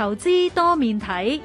投資多面睇，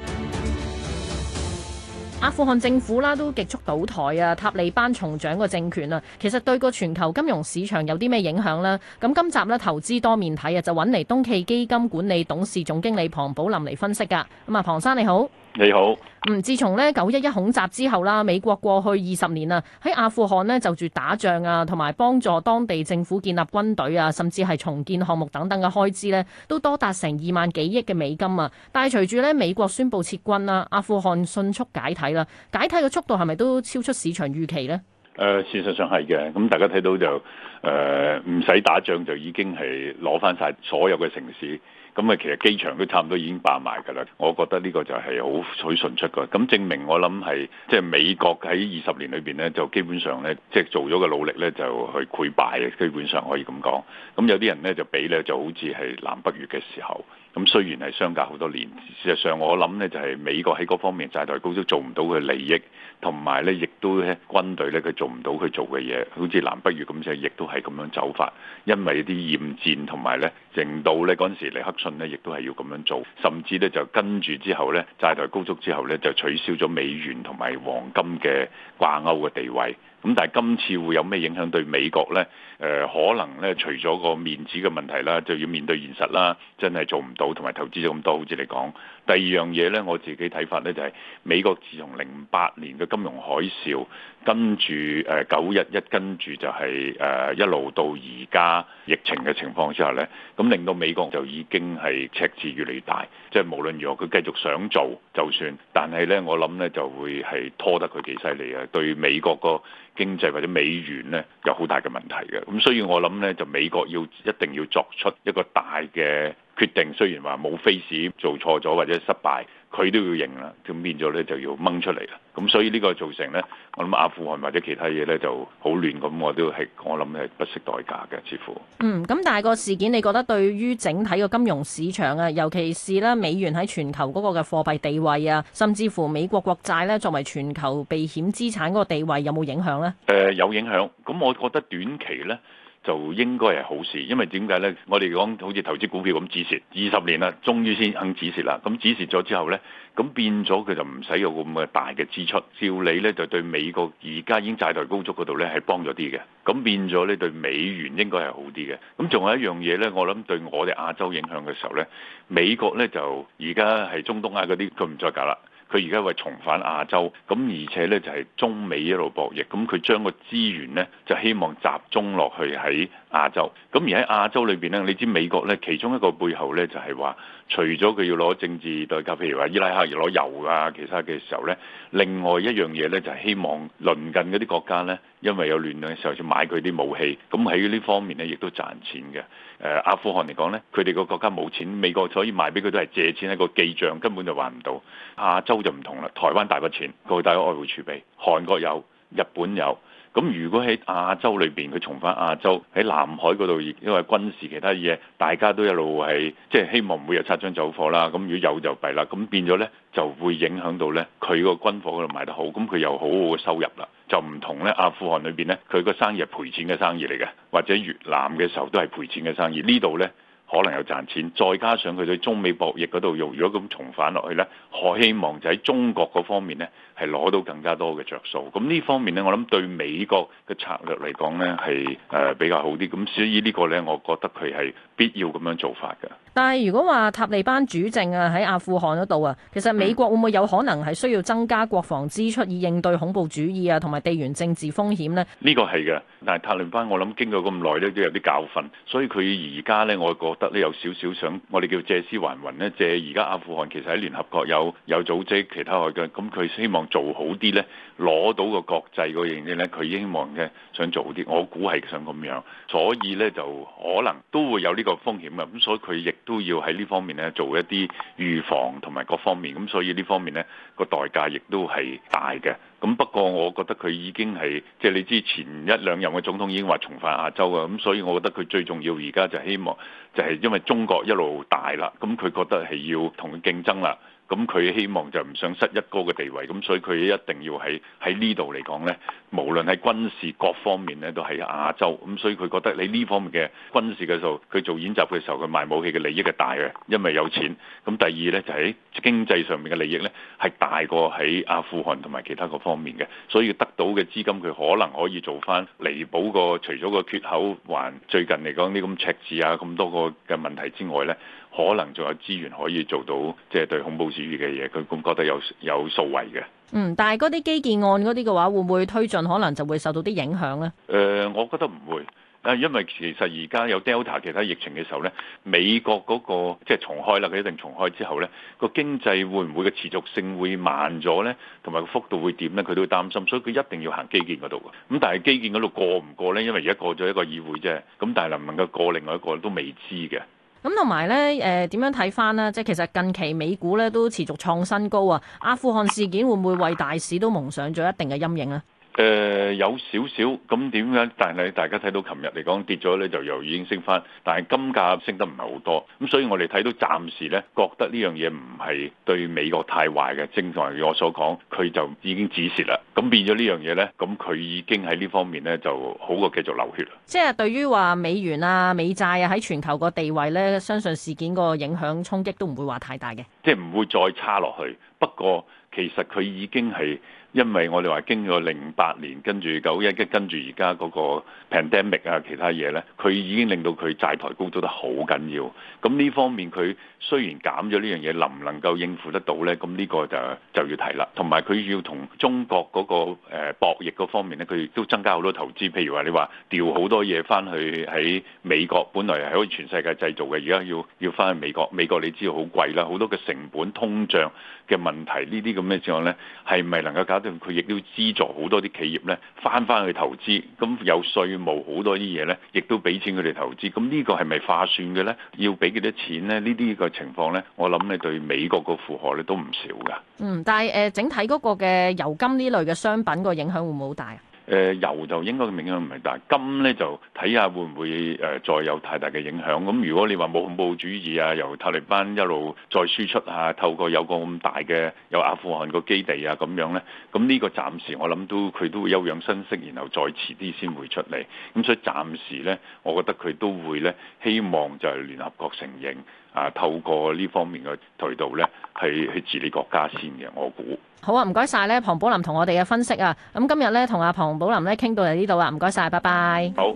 阿富汗政府啦都極速倒台啊，塔利班重掌個政權啦。其實對個全球金融市場有啲咩影響呢？咁今集咧投資多面睇啊，就揾嚟東驥基金管理董事總經理龐寶林嚟分析噶。咁啊，龐生你好。你好，唔，自從咧九一一恐襲之後啦，美國過去二十年啊，喺阿富汗咧就住打仗啊，同埋幫助當地政府建立軍隊啊，甚至係重建項目等等嘅開支咧，都多達成二萬幾億嘅美金啊。但係隨住咧美國宣布撤軍啦，阿富汗迅速解體啦，解體嘅速度係咪都超出市場預期呢？誒、呃，事實上係嘅，咁、嗯、大家睇到就誒，唔、呃、使打仗就已經係攞翻晒所有嘅城市，咁、嗯、啊其實機場都差唔多已經霸埋㗎啦。我覺得呢個就係好取迅速嘅，咁、嗯、證明我諗係即係美國喺二十年裏邊呢，就基本上呢，即、就、係、是、做咗嘅努力呢，就去潰敗嘅，基本上可以咁講。咁、嗯、有啲人呢，就比呢就好似係南北越嘅時候，咁、嗯、雖然係相隔好多年，事實上我諗呢，就係、是、美國喺嗰方面債台高築，做唔到嘅利益，同埋呢亦都喺軍隊呢。佢做。做唔到佢做嘅嘢，好似南北越咁，即係亦都係咁樣走法，因為啲厭戰同埋咧，令到咧嗰陣時尼克遜咧，亦都係要咁樣做，甚至咧就跟住之後咧，債台高築之後咧，就取消咗美元同埋黃金嘅掛鈎嘅地位。咁但係今次會有咩影響對美國咧？誒、呃，可能咧除咗個面子嘅問題啦，就要面對現實啦，真係做唔到同埋投資咗咁多，好似你講。第二樣嘢咧，我自己睇法咧就係、是、美國自從零八年嘅金融海嘯跟住誒九一一，跟住就係、是、誒、呃、一路到而家疫情嘅情況之下咧，咁令到美國就已經係赤字越嚟越大。即、就、係、是、無論如何佢繼續想做就算，但係咧我諗咧就會係拖得佢幾犀利啊！對美國個。經濟或者美元咧有好大嘅問題嘅，咁所以我諗咧就美國要一定要作出一個大嘅決定，雖然話冇 face 做錯咗或者失敗。佢都要認啦，咁變咗咧就要掹出嚟啦。咁所以呢個造成咧，我諗阿富汗或者其他嘢咧就好亂。咁我都係我諗係不惜代價嘅，似乎。嗯，咁但係個事件，你覺得對於整體嘅金融市場啊，尤其是咧美元喺全球嗰個嘅貨幣地位啊，甚至乎美國國債咧作為全球避險資產嗰個地位，有冇影響咧？誒、呃，有影響。咁我覺得短期咧，就應該係好事，因為點解呢？我哋講好似投資股票咁止蝕，二十年啦，終於先肯止蝕啦。咁止蝕咗之後呢，咁變咗佢就唔使有咁嘅大嘅支出。照理呢，就對美國而家已經債台高築嗰度呢係幫咗啲嘅。咁變咗呢，對美元應該係好啲嘅。咁仲有一樣嘢呢，我諗對我哋亞洲影響嘅時候呢，美國呢就而家係中東啊嗰啲，佢唔再搞啦。佢而家為重返亞洲，咁而且咧就係中美一路博弈，咁佢將個資源咧就希望集中落去喺亞洲。咁而喺亞洲裏邊咧，你知美國咧其中一個背後咧就係話除咗佢要攞政治代價，譬如話伊拉克要攞油啊，其他嘅時候咧，另外一樣嘢咧就係希望鄰近嗰啲國家咧，因為有亂嘅時候就買佢啲武器，咁喺呢方面咧亦都賺錢嘅。誒、呃、阿富汗嚟講咧，佢哋個國家冇錢，美國所以賣俾佢都係借錢喺、嗰個記賬根本就還唔到。亞洲。就唔同啦，台灣大筆錢，佢大個外匯儲備，韓國有，日本有，咁如果喺亞洲裏邊佢重返亞洲喺南海嗰度，因為軍事其他嘢，大家都一路係即係希望唔會有擦槍走火啦。咁如果有就弊啦，咁變咗呢，就會影響到呢，佢個軍火嗰度賣得好，咁佢又好好嘅收入啦。就唔同呢，阿富汗裏邊呢，佢個生意係賠錢嘅生意嚟嘅，或者越南嘅時候都係賠錢嘅生意。呢度呢。可能又賺錢，再加上佢對中美博弈嗰度用，如果咁重返落去呢，可希望就喺中國嗰方面呢，係攞到更加多嘅着數。咁呢方面呢，我諗對美國嘅策略嚟講呢，係誒、呃、比較好啲。咁所以呢個呢，我覺得佢係必要咁樣做法嘅。但係如果話塔利班主政啊，喺阿富汗嗰度啊，其實美國會唔會有可能係需要增加國防支出以應對恐怖主義啊，同埋地緣政治風險呢？呢個係嘅，但係塔利班我諗經過咁耐咧都有啲教訓，所以佢而家咧我覺得咧有少少想，我哋叫借屍還魂咧，借而家阿富汗其實喺聯合國有有組織其他外軍，咁佢希望做好啲咧，攞到個國際個認證咧，佢希望嘅想做好啲，我估係想咁樣，所以咧就可能都會有呢個風險嘅，咁所以佢亦。都要喺呢方面咧做一啲預防同埋各方面，咁所以呢方面呢這個代價亦都係大嘅。咁不過我覺得佢已經係即係你之前一兩任嘅總統已經話重返亞洲㗎，咁所以我覺得佢最重要而家就希望就係因為中國一路大啦，咁佢覺得係要同佢競爭啦。咁佢希望就唔想失一哥嘅地位，咁所以佢一定要喺喺呢度嚟講，呢無論喺軍事各方面呢都係亞洲。咁所以佢覺得你呢方面嘅軍事嘅時候，佢做演習嘅時候，佢賣武器嘅利益係大嘅，因為有錢，咁第二呢就喺、是、經濟上面嘅利益呢係大過喺阿富汗同埋其他各方面嘅。所以得到嘅資金，佢可能可以做翻彌補個除咗個缺口，還最近嚟講啲咁赤字啊，咁多個嘅問題之外呢。可能仲有資源可以做到，即係對恐怖主義嘅嘢，佢咁覺得有有數位嘅。嗯，但係嗰啲基建案嗰啲嘅話，會唔會推進？可能就會受到啲影響咧。誒、呃，我覺得唔會啊，因為其實而家有 Delta 其他疫情嘅時候咧，美國嗰、嗰個即係重開啦，佢一定重開之後咧，個經濟會唔會嘅持續性會慢咗咧，同埋個幅度會點咧，佢都會擔心，所以佢一定要行基建嗰度嘅。咁但係基建嗰度過唔過咧？因為而家過咗一個議會啫，咁但係能唔能夠過另外一個都未知嘅。咁同埋咧，誒點、呃、樣睇返呢？即係其實近期美股咧都持續創新高啊！阿富汗事件會唔會為大市都蒙上咗一定嘅陰影呢？誒、呃、有少少咁點樣？但係大家睇到琴日嚟講跌咗咧，就又已經升返。但係金價升得唔係好多，咁所以我哋睇到暫時咧，覺得呢樣嘢唔係對美國太壞嘅。正如我所講，佢就已經止蝕啦。咁變咗呢樣嘢咧，咁佢已經喺呢方面咧就好過繼續流血啦。即係對於話美元啊、美債啊喺全球個地位咧，相信事件個影響衝擊都唔會話太大嘅。即係唔會再差落去，不過其實佢已經係因為我哋話經過零八年，跟住九一一，跟住而家嗰個 pandemic 啊，其他嘢咧，佢已經令到佢債台高築得好緊要。咁呢方面佢雖然減咗呢樣嘢，能唔能夠應付得到咧？咁呢個就就要提啦。同埋佢要同中國嗰個誒博弈嗰方面咧，佢亦都增加好多投資，譬如話你話調好多嘢翻去喺美國本來係可以全世界製造嘅，而家要要翻去美國，美國你知道好貴啦，好多嘅成成本、通脹嘅問題，呢啲咁嘅情況咧，係咪能夠搞掂？佢亦都資助好多啲企業咧，翻翻去投資，咁有稅務好多啲嘢咧，亦都俾錢佢哋投資。咁呢個係咪劃算嘅咧？要俾幾多錢咧？呢啲個情況咧，我諗咧對美國個負荷咧都唔少噶。嗯，但係誒，整體嗰個嘅油金呢類嘅商品個影響會唔會好大啊？誒、呃、油就應該影響唔係大，金呢就睇下會唔會誒、呃、再有太大嘅影響。咁如果你話冇恐怖主義啊，由塔利班一路再輸出下、啊，透過有個咁大嘅有阿富汗個基地啊咁樣呢，咁呢個暫時我諗都佢都會休養生息，然後再遲啲先會出嚟。咁所以暫時呢，我覺得佢都會呢，希望就係聯合國承認。啊！透過呢方面嘅渠道咧，係去治理國家先嘅。我估好啊，唔該晒。咧，龐寶林同我哋嘅分析啊。咁今日咧，同阿龐寶林咧傾到嚟呢度啦，唔該晒，拜拜。好。